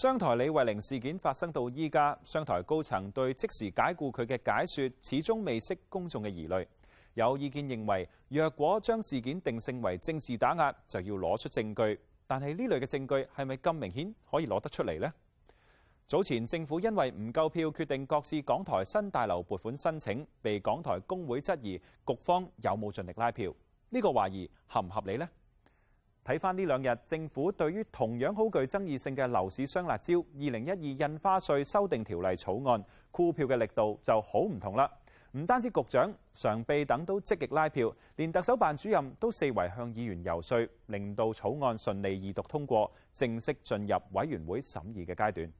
商台李慧玲事件發生到依家，商台高層對即時解雇佢嘅解說始終未釋公眾嘅疑慮，有意見認為若果將事件定性為政治打壓就要攞出證據，但係呢類嘅證據係咪咁明顯可以攞得出嚟咧？早前政府因為唔夠票，決定各自港台新大樓撥款申請被港台工會質疑局方有冇盡力拉票。呢個懷疑合唔合理咧？睇返呢兩日，政府對於同樣好具爭議性嘅樓市雙辣招、二零一二印花稅修訂條例草案，箍票嘅力度就好唔同啦。唔單止局長常秘等都積極拉票，連特首辦主任都四圍向議員遊說，令到草案順利二讀通過，正式進入委員會審議嘅階段。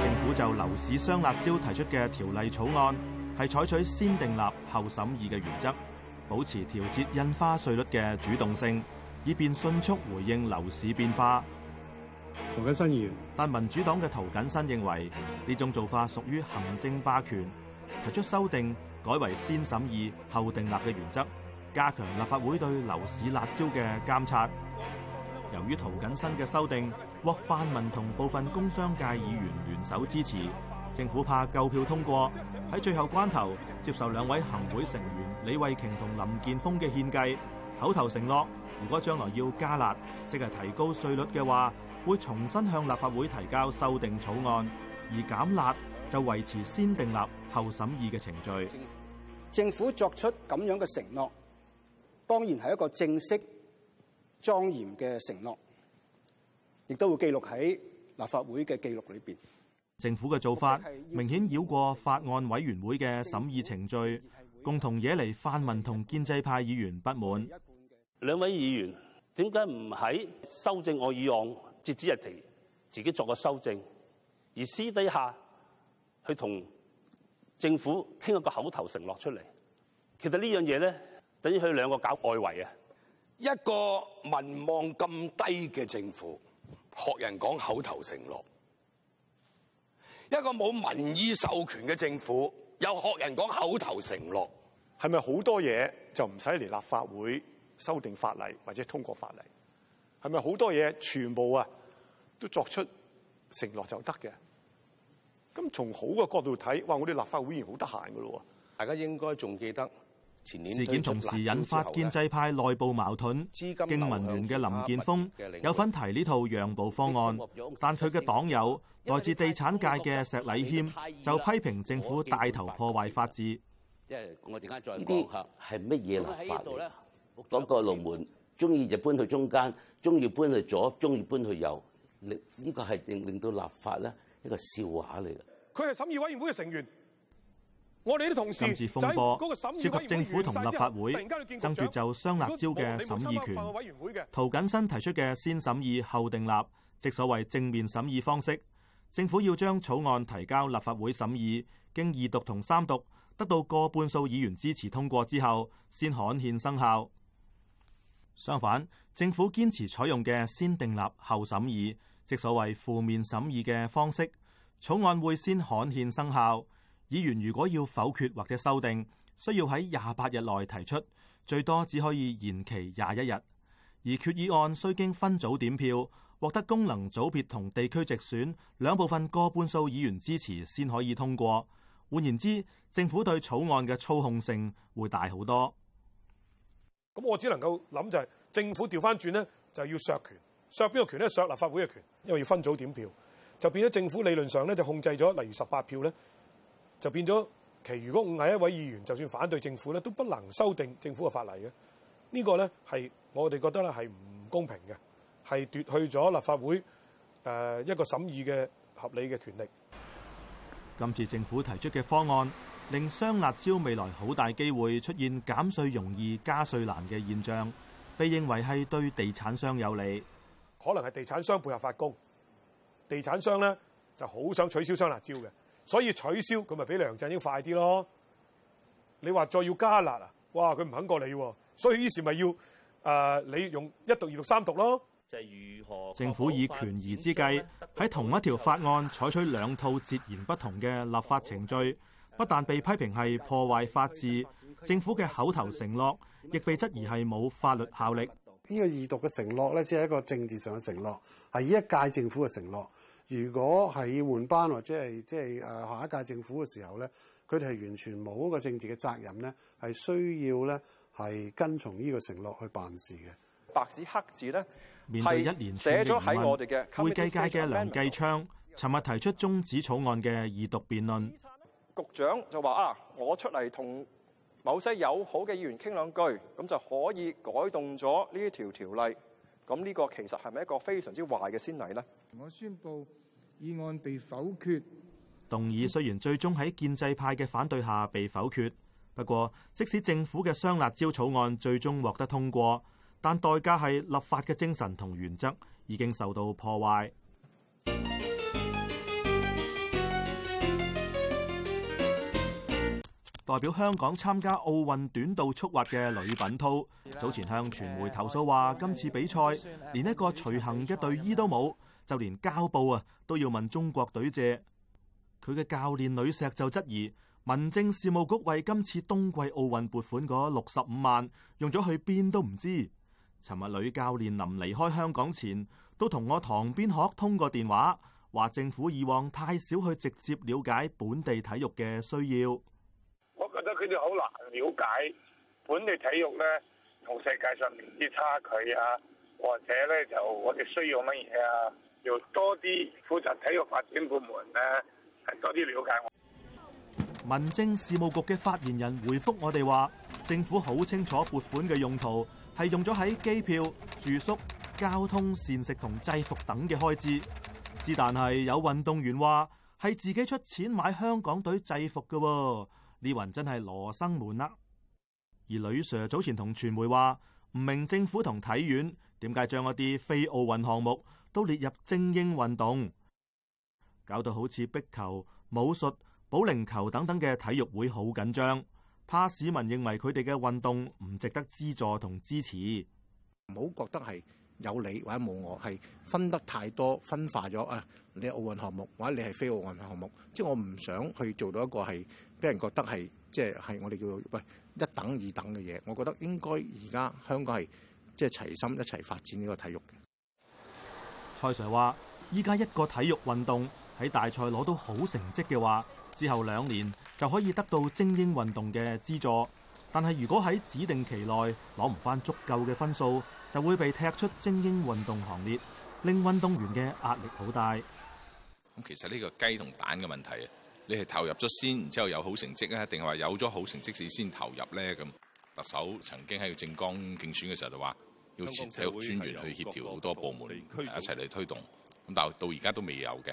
政府就樓市雙辣招提出嘅條例草案，係採取先訂立後審議嘅原則，保持調節印花稅率嘅主動性，以便迅速回應樓市變化。涂謹申議員，但民主黨嘅涂謹申認為呢種做法屬於行政霸權，提出修訂，改為先審議後訂立嘅原則，加強立法會對樓市辣招嘅監察。由於涂謹申嘅修訂獲泛民同部分工商界議員聯手支持。政府怕夠票通過，喺最後關頭接受兩位行會成員李慧瓊同林健鋒嘅獻計口頭承諾，如果將來要加辣，即係提高稅率嘅話，會重新向立法會提交修訂草案；而減辣就維持先訂立後審議嘅程序。政府作出咁樣嘅承諾，當然係一個正式莊嚴嘅承諾，亦都會記錄喺立法會嘅記錄裏邊。政府嘅做法明顯繞過法案委員會嘅審議程序，共同惹嚟泛民同建制派議員不滿。兩位議員點解唔喺修正我議案截止日期自己作個修正，而私底下去同政府傾一個口頭承諾出嚟？其實這件事呢樣嘢咧，等於佢兩個搞外圍啊！一個民望咁低嘅政府，學人講口頭承諾。一個冇民意授權嘅政府，又學人講口頭承諾，係咪好多嘢就唔使嚟，立法會修訂法例或者通過法例？係咪好多嘢全部啊都作出承諾就得嘅？咁從好嘅角度睇，哇！我哋立法會議員好得閒噶咯，大家應該仲記得。事件同時引發建制派內部矛盾，經民聯嘅林健鋒有份提呢套讓步方案，但佢嘅黨友來自地產界嘅石禮謙就批評政府帶頭破壞法治。我而家再呢啲係乜嘢立法？嗰、那個龍門中意就搬去中間，中意搬去左，中意搬去右，呢、這個係令到立法咧一個笑話嚟嘅。佢係審議委員會嘅成員。今次風波，涉及政府同立法會爭奪就雙辣招嘅審議權。涂謹申提出嘅先審議後訂立，即所謂正面審議方式，政府要將草案提交立法會審議，經二讀同三讀，得到過半數議員支持通過之後，先刊憲生效。相反，政府堅持採用嘅先訂立後審議，即所謂負面審議嘅方式，草案會先刊憲生效。議員如果要否決或者修訂，需要喺廿八日內提出，最多只可以延期廿一日。而決議案須經分組點票，獲得功能組別同地區直選兩部分過半數議員支持，先可以通過。換言之，政府對草案嘅操控性會大好多。咁我只能夠諗就係、是、政府調返轉呢，就要削權，削邊個權呢，削立法會嘅權，因為要分組點票，就變咗政府理論上咧就控制咗，例如十八票咧。就變咗，其餘五十一位議員就算反對政府咧，都不能修訂政府嘅法例嘅。呢、呢個咧係我哋覺得咧係唔公平嘅，係奪去咗立法會誒一個審議嘅合理嘅權力。今次政府提出嘅方案，令雙辣招未來好大機會出現減稅容易加稅難嘅現象，被認為係對地產商有利。可能係地產商配合發工，地產商咧就好想取消雙辣招嘅。所以取消噉咪比梁振英快啲咯？你話再要加辣啊？哇！佢唔肯過你喎，所以於是咪要誒、呃、你用一讀二讀三讀咯？政府以權宜之計喺同一條法案採取兩套截然不同嘅立法程序，不但被批評係破壞法治，政府嘅口頭承諾亦被質疑係冇法律效力。呢、這個二讀嘅承諾咧，只、就、係、是、一個政治上嘅承諾，係呢一屆政府嘅承諾。如果係要換班或者係即係誒下一屆政府嘅時候咧，佢哋係完全冇一個政治嘅責任咧，係需要咧係跟從呢個承諾去辦事嘅。白紙黑字咧係一年寫咗喺我哋嘅。會計界嘅梁繼昌，尋日提出終止草案嘅二讀辯論。局長就話啊，我出嚟同某些友好嘅議員傾兩句，咁就可以改動咗呢一條條例。咁、這、呢個其實係咪一個非常之壞嘅先例呢？我宣布議案被否決。動議雖然最終喺建制派嘅反對下被否決，不過即使政府嘅雙辣招草案最終獲得通過，但代價係立法嘅精神同原則已經受到破壞。代表香港參加奧運短道速滑嘅呂品濤早前向傳媒投訴話，今次比賽連一個隨行嘅隊醫都冇，就連膠布啊都要問中國隊借。佢嘅教練呂石就質疑，民政事務局為今次冬季奧運撥款嗰六十五萬用咗去邊都唔知。尋日女教練臨離開香港前，都同我堂邊鶴通過電話，話政府以往太少去直接了解本地體育嘅需要。覺得佢哋好難了解本地體育咧同世界上面啲差距啊，或者咧就我哋需要乜嘢啊，要多啲負責體育發展部門咧係多啲了解。我民政事務局嘅發言人回覆我哋話，政府好清楚撥款嘅用途係用咗喺機票、住宿、交通、膳食同制服等嘅開支，之但係有運動員話係自己出錢買香港隊制服㗎喎。呢云真係羅生門啦！而呂 Sir 早前同傳媒話，唔明政府同體院點解將一啲非奧運項目都列入精英運動，搞到好似壁球、武術、保齡球等等嘅體育會好緊張，怕市民認為佢哋嘅運動唔值得資助同支持，唔好覺得係。有你或者冇我，係分得太多分化咗啊！你奧運項目或者你係非奧運項目，即係我唔想去做到一個係俾人覺得係即係係我哋叫做喂一等二等嘅嘢。我覺得應該而家香港係即係齊心一齊發展呢個體育。蔡 Sir 話：依家一個體育運動喺大賽攞到好成績嘅話，之後兩年就可以得到精英運動嘅資助。但係如果喺指定期內攞唔返足夠嘅分數，就會被踢出精英運動行列，令運動員嘅壓力好大。咁其實呢個雞同蛋嘅問題，你係投入咗先，然之後有好成績啊，定係話有咗好成績先投入咧？咁特首曾經喺個政綱競選嘅時候就話要體育專員去協調好多部門一齊嚟推動，咁但到而家都未有嘅。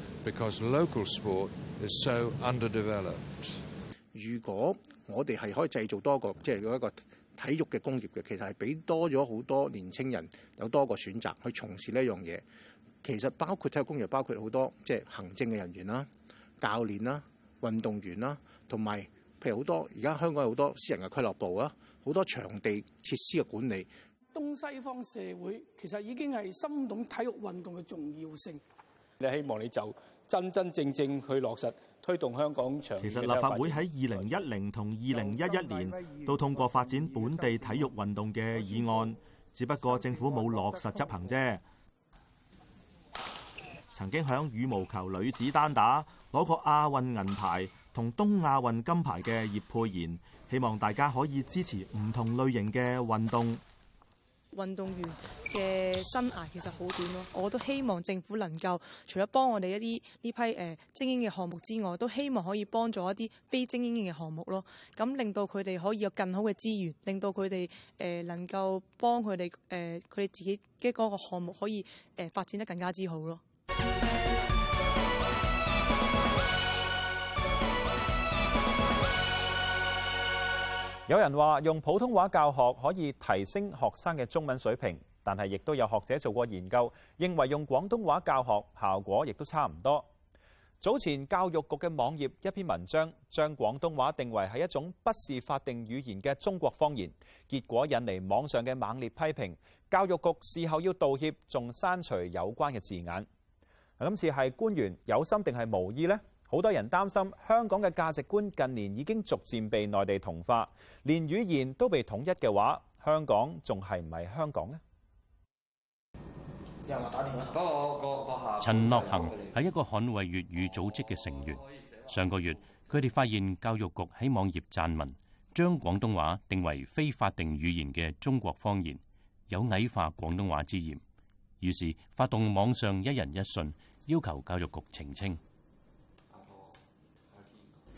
Because local sport is so underdeveloped。如果我哋係可以製造多個，即係有一個體育嘅工業嘅，其實係俾多咗好多年青人有多個選擇去從事呢一樣嘢。其實包括體育工業，包括好多即係、就是、行政嘅人員啦、教練啦、運動員啦，同埋譬如好多而家香港有好多私人嘅俱樂部啊、好多場地設施嘅管理。東西方社會其實已經係深懂體育運動嘅重要性，你希望你就，真真正正去落實推動香港長遠嘅運動。其實立法會喺二零一零同二零一一年都通過發展本地體育運動嘅議案，只不過政府冇落實執行啫。曾經響羽毛球女子單打攞過亞運銀牌同東亞運金牌嘅葉佩妍，希望大家可以支持唔同類型嘅運動。運動員嘅生涯其實好短咯，我都希望政府能夠除咗幫我哋一啲呢批誒精英嘅項目之外，都希望可以幫助一啲非精英嘅項目咯，噉令到佢哋可以有更好嘅資源，令到佢哋誒能夠幫佢哋誒佢哋自己嘅嗰個項目可以誒發展得更加之好咯。有人話用普通話教學可以提升學生嘅中文水平，但係亦都有學者做過研究，認為用廣東話教學效果亦都差唔多。早前教育局嘅網頁一篇文章將廣東話定為係一種不是法定語言嘅中國方言，結果引嚟網上嘅猛烈批評。教育局事後要道歉，仲刪除有關嘅字眼。今次係官員有心定係無意呢？好多人擔心香港嘅價值觀近年已經逐漸被內地同化，連語言都被統一嘅話，香港仲係唔係香港呢？有人打電陳樂行係一個捍衞粵語組織嘅成員，哦。上個月佢哋發現教育局喺網頁撰文將廣東話定為非法定語言嘅中國方言，有矮化廣東話之嫌，於是發動網上一人一信，要求教育局澄清。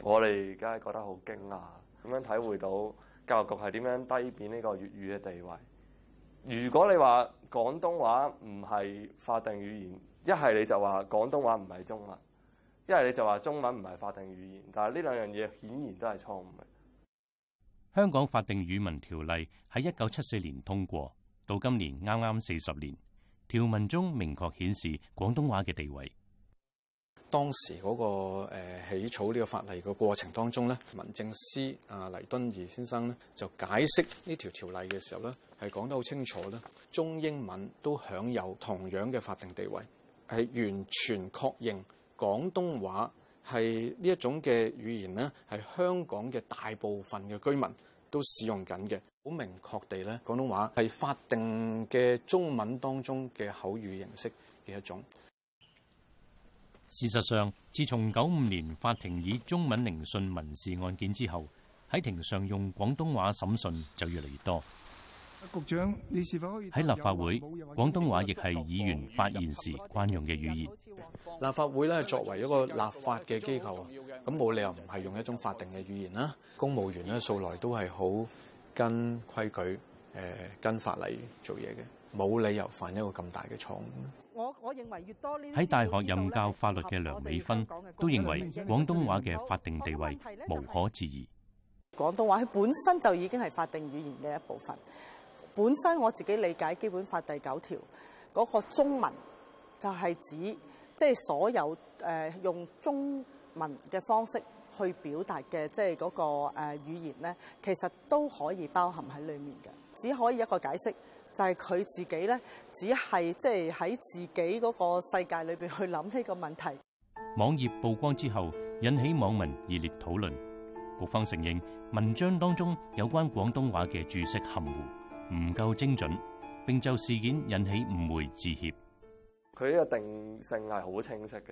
我哋而家覺得好驚訝，咁樣體會到教育局係點樣低扁呢個粵語嘅地位。如果你話廣東話唔係法定語言，一係你就話廣東話唔係中文，一係你就話中文唔係法定語言，但係呢兩樣嘢顯然都係錯誤嘅。香港法定語文條例喺一九七四年通過，到今年啱啱四十年，條文中明確顯示廣東話嘅地位。當時嗰、那個誒、呃、起草呢個法例嘅過程當中呢，民政司啊黎敦義先生呢就解釋呢條條例嘅時候呢，係講得好清楚呢中英文都享有同樣嘅法定地位，係完全確認廣東話係呢一種嘅語言呢係香港嘅大部分嘅居民都使用緊嘅，好明確地呢廣東話係法定嘅中文當中嘅口語形式嘅一種。事實上，自從九五年法庭以中文聆訊民事案件之後，喺庭上用廣東話審訊就越嚟越多。局長，你是否可以？喺立法會，廣東話亦係議員發言時慣用嘅語言。立法會咧作為一個立法嘅機構，咁冇理由唔係用一種法定嘅語言啦。公務員咧，素來都係好跟規矩、誒跟法例做嘢嘅，冇理由犯一個咁大嘅錯誤。我，我認為越多呢，喺大學任教法律嘅梁美芬都認為廣東話嘅法定地位無可置疑。廣東話，佢本身就已經係法定語言嘅一部分。本身我自己理解基本法第九條嗰個中文就係指即係所有誒用中文嘅方式去表達嘅即係嗰個誒語言咧，其實都可以包含喺裏面嘅。只可以一個解釋。就係、是、佢自己咧，只係即係喺自己嗰個世界裏邊去諗呢個問題。網頁曝光之後，引起網民熱烈討論。局方承認文章當中有關廣東話嘅注釋含糊，唔夠精準。並就事件引起誤會致歉。佢嘅定性係好清晰嘅，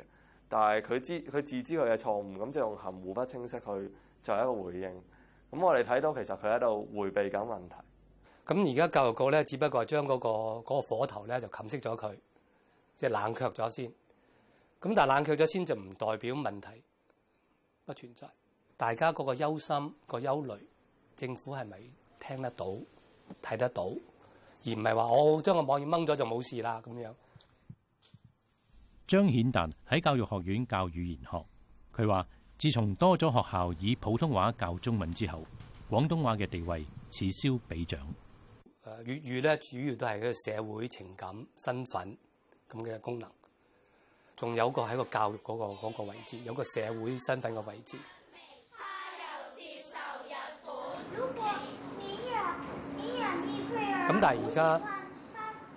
但係佢知佢自知佢嘅錯誤，咁就用含糊不清晰去作一個回應。咁我哋睇到其實佢喺度迴避緊問題。咁而家教育局咧，只不過係將嗰個嗰個火頭咧就冚熄咗佢，即係冷卻咗先。咁但係冷卻咗先就唔代表問題不存在，大家嗰個憂心個憂慮政府係咪聽得到、睇得到，而唔係話我將個網頁掹咗就冇事啦咁樣。張顯達喺教育學院教語言學，佢話自從多咗學校以普通話教中文之後，廣東話嘅地位此消彼長。誒粵語咧，主要都係嗰個社會情感、身份咁嘅功能，仲有個喺個教育嗰個嗰個位置，有個社會身份嘅位置。咁、啊、但係而家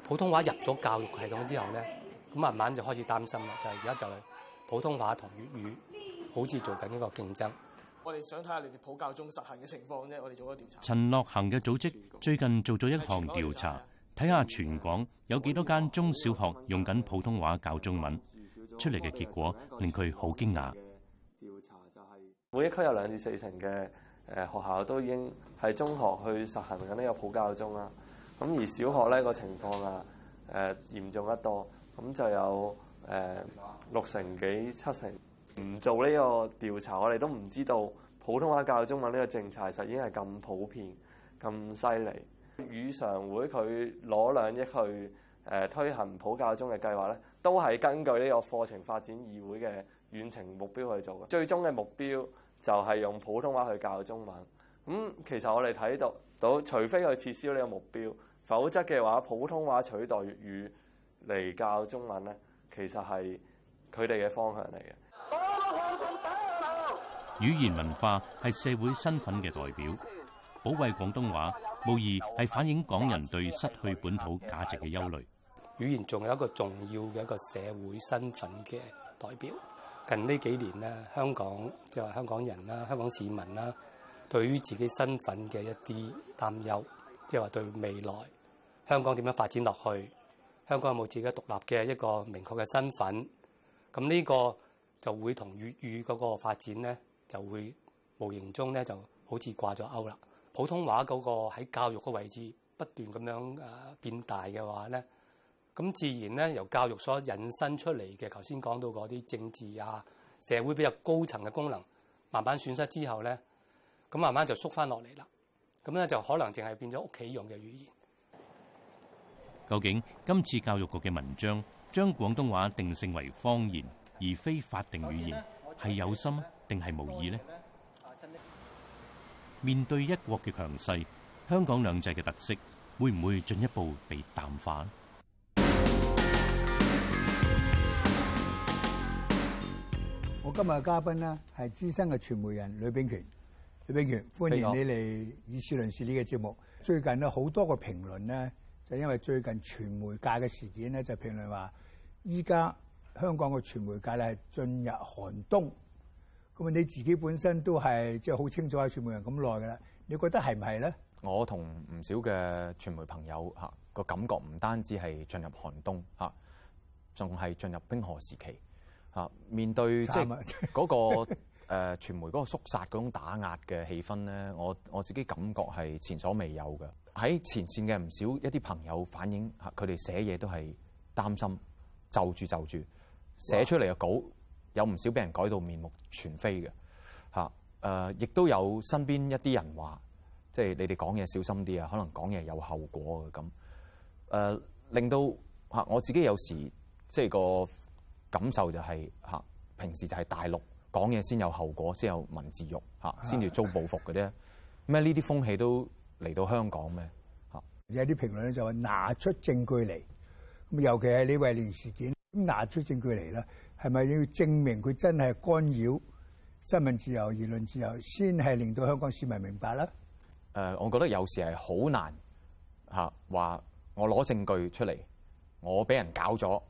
普通話入咗教育系統之後咧，咁慢慢就開始擔心啦，就係而家就係普通話同粵語好似做緊一個競爭。我哋想睇下你哋普教中實行嘅情況啫，我哋做咗調查。陳樂行嘅組織最近做咗一項調查，睇下全港有幾多間中小學用緊普通話教中文。出嚟嘅結果令佢好驚訝。調查就係每一區有兩至四成嘅誒學校都已經喺中學去實行緊呢個普教中啦。咁而小學呢個情況啊誒，嚴重得多，咁就有誒六成幾七成。唔做呢個調查，我哋都唔知道普通話教中文呢個政策實已經係咁普遍、咁犀利。語常會佢攞兩億去、呃、推行普教中嘅計劃呢，都係根據呢個課程發展議會嘅遠程目標去做嘅。最終嘅目標就係用普通話去教中文。咁、嗯、其實我哋睇到到，除非佢撤銷呢個目標，否則嘅話，普通話取代粵語嚟教中文呢，其實係佢哋嘅方向嚟嘅。語言文化係社會身份嘅代表，保衛廣東話無疑係反映港人對失去本土價值嘅憂慮。語言仲有一個重要嘅一個社會身份嘅代表。近呢幾年呢，香港即係話香港人啦、香港市民啦，對於自己身份嘅一啲擔憂，即係話對未來香港點樣發展落去，香港有冇自己獨立嘅一個明確嘅身份？咁呢個就會同粵語嗰個發展呢。就會無形中咧就好似掛咗鈎啦。普通話嗰個喺教育個位置不斷咁樣誒變大嘅話咧，咁自然咧由教育所引申出嚟嘅，頭先講到嗰啲政治啊、社會比較高層嘅功能，慢慢損失之後咧，咁慢慢就縮翻落嚟啦。咁咧就可能淨係變咗屋企用嘅語言。究竟今次教育局嘅文章將廣東話定性為方言，而非法定語言，係有心？定係無意呢？面對一國嘅強勢，香港兩制嘅特色會唔會進一步被淡化？我今日嘅嘉賓呢，係資深嘅傳媒人呂秉權。呂秉權，歡迎你嚟議事論事呢個節目。最近呢好多個評論呢，就因為最近傳媒界嘅事件呢，就評論話依家香港嘅傳媒界咧係進入寒冬。咁啊！你自己本身都係即係好清楚喺傳媒人咁耐噶啦，你覺得係唔係咧？我同唔少嘅傳媒朋友吓，個感覺唔單止係進入寒冬吓，仲係進入冰河時期吓，面對即係嗰個誒傳媒嗰個肅殺嗰種打壓嘅氣氛咧，我我自己感覺係前所未有嘅，喺前線嘅唔少一啲朋友反映，吓，佢哋寫嘢都係擔心，就住就住寫出嚟嘅稿。有唔少俾人改到面目全非嘅嚇，誒、啊、亦都有身邊一啲人話，即係你哋講嘢小心啲啊，可能講嘢有後果嘅咁誒，令到嚇、啊、我自己有時即係個感受就係、是、嚇、啊，平時就係大陸講嘢先有後果，先有文字獄嚇，先、啊、至遭報復嘅啫。咩呢啲風氣都嚟到香港咩嚇、啊？有啲評論咧就話拿出證據嚟，咁尤其係李慧玲事件，拿出證據嚟咧。係咪要證明佢真係干擾新聞自由、言論自由，先係令到香港市民明白啦？誒、呃，我覺得有時係好難嚇話，啊、我攞證據出嚟，我俾人搞咗，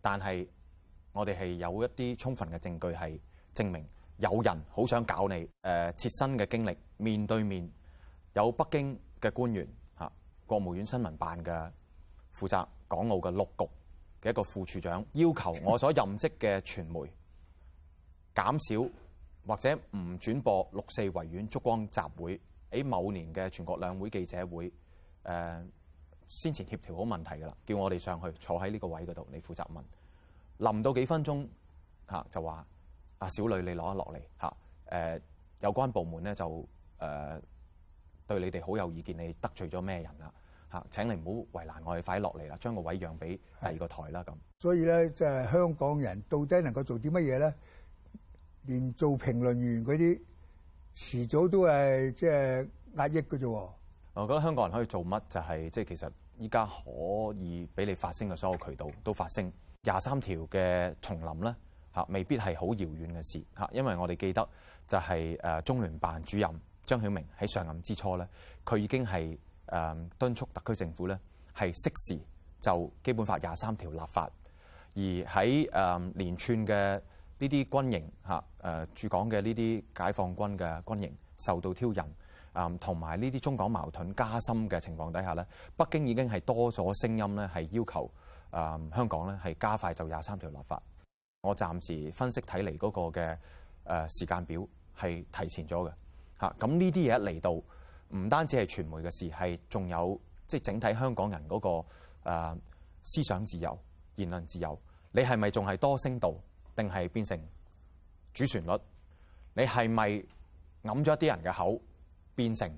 但係我哋係有一啲充分嘅證據係證明有人好想搞你。誒、呃，切身嘅經歷，面對面有北京嘅官員嚇、啊，國務院新聞辦嘅負責港澳嘅六局。一個副處長要求我所任職嘅傳媒減少或者唔轉播六四維園燭光集會。喺某年嘅全國兩會記者會，誒、先前協調好問題㗎啦，叫我哋上去坐喺呢個位嗰度，你負責問，臨到幾分鐘嚇，就話阿小女，你攞一落嚟嚇，誒、有關部門咧就誒、對你哋好有意見，你得罪咗咩人啦？嚇！請你唔好為難我哋快落嚟啦，將個位讓俾第二個台啦咁。所以咧，即係香港人到底能夠做啲乜嘢咧？連做評論員嗰啲，遲早都係即係壓抑嘅啫喎。我覺得香港人可以做乜，就係即係其實依家可以俾你發聲嘅所有渠道都發聲。廿三條嘅重臨咧嚇，未必係好遙遠嘅事嚇，因為我哋記得就係誒中聯辦主任張曉明喺上任之初咧，佢已經係。誒敦促特區政府咧，係適時就《基本法》廿三條立法，而喺誒連串嘅呢啲軍營嚇誒駐港嘅呢啲解放軍嘅軍營受到挑釁，誒同埋呢啲中港矛盾加深嘅情況底下咧，北京已經係多咗聲音咧，係要求誒香港咧係加快就廿三條立法。我暫時分析睇嚟嗰個嘅誒時間表係提前咗嘅嚇。咁呢啲嘢一嚟到。唔單止係傳媒嘅事，係仲有即係整體香港人嗰個思想自由、言論自由。你係咪仲係多聲道，定係變成主旋律？你係咪揞咗啲人嘅口，變成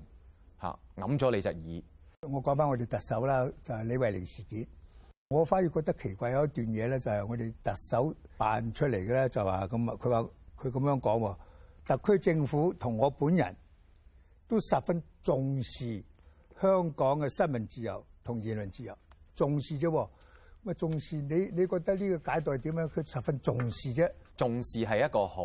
嚇揞咗你隻耳？我講翻我哋特首啦，就係李慧玲事件。我反而覺得奇怪有一段嘢咧，就係我哋特首辦出嚟嘅咧，就話咁啊，佢話佢咁樣講喎，特區政府同我本人。都十分重視香港嘅新聞自由同言論自由，重視啫喎。咁啊重視你，你覺得呢個解讀係點樣？佢十分重視啫。重視係一個好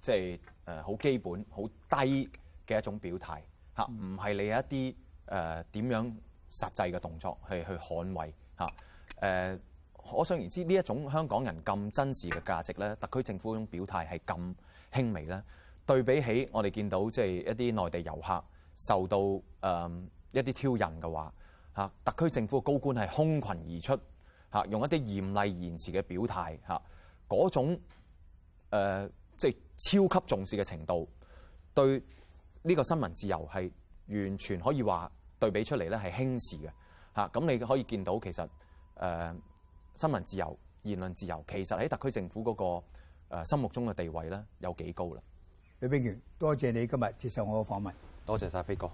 即係誒好基本、好低嘅一種表態嚇，唔係你一啲誒點樣實際嘅動作去去捍衞嚇。誒、呃，可想而知呢一種香港人咁珍視嘅價值咧，特區政府嗰種表態係咁輕微咧。對比起我哋見到即係一啲內地遊客受到誒一啲挑釁嘅話，嚇特區政府嘅高官係空群而出嚇，用一啲嚴厲言辭嘅表態嚇，嗰種呃即係超級重視嘅程度，對呢個新聞自由係完全可以話對比出嚟咧，係輕視嘅嚇。咁你可以見到其實誒、呃、新聞自由、言論自由其實喺特區政府嗰個、呃、心目中嘅地位咧有幾高啦。呂秉權，多謝你今日接受我嘅訪問。多謝晒飛哥。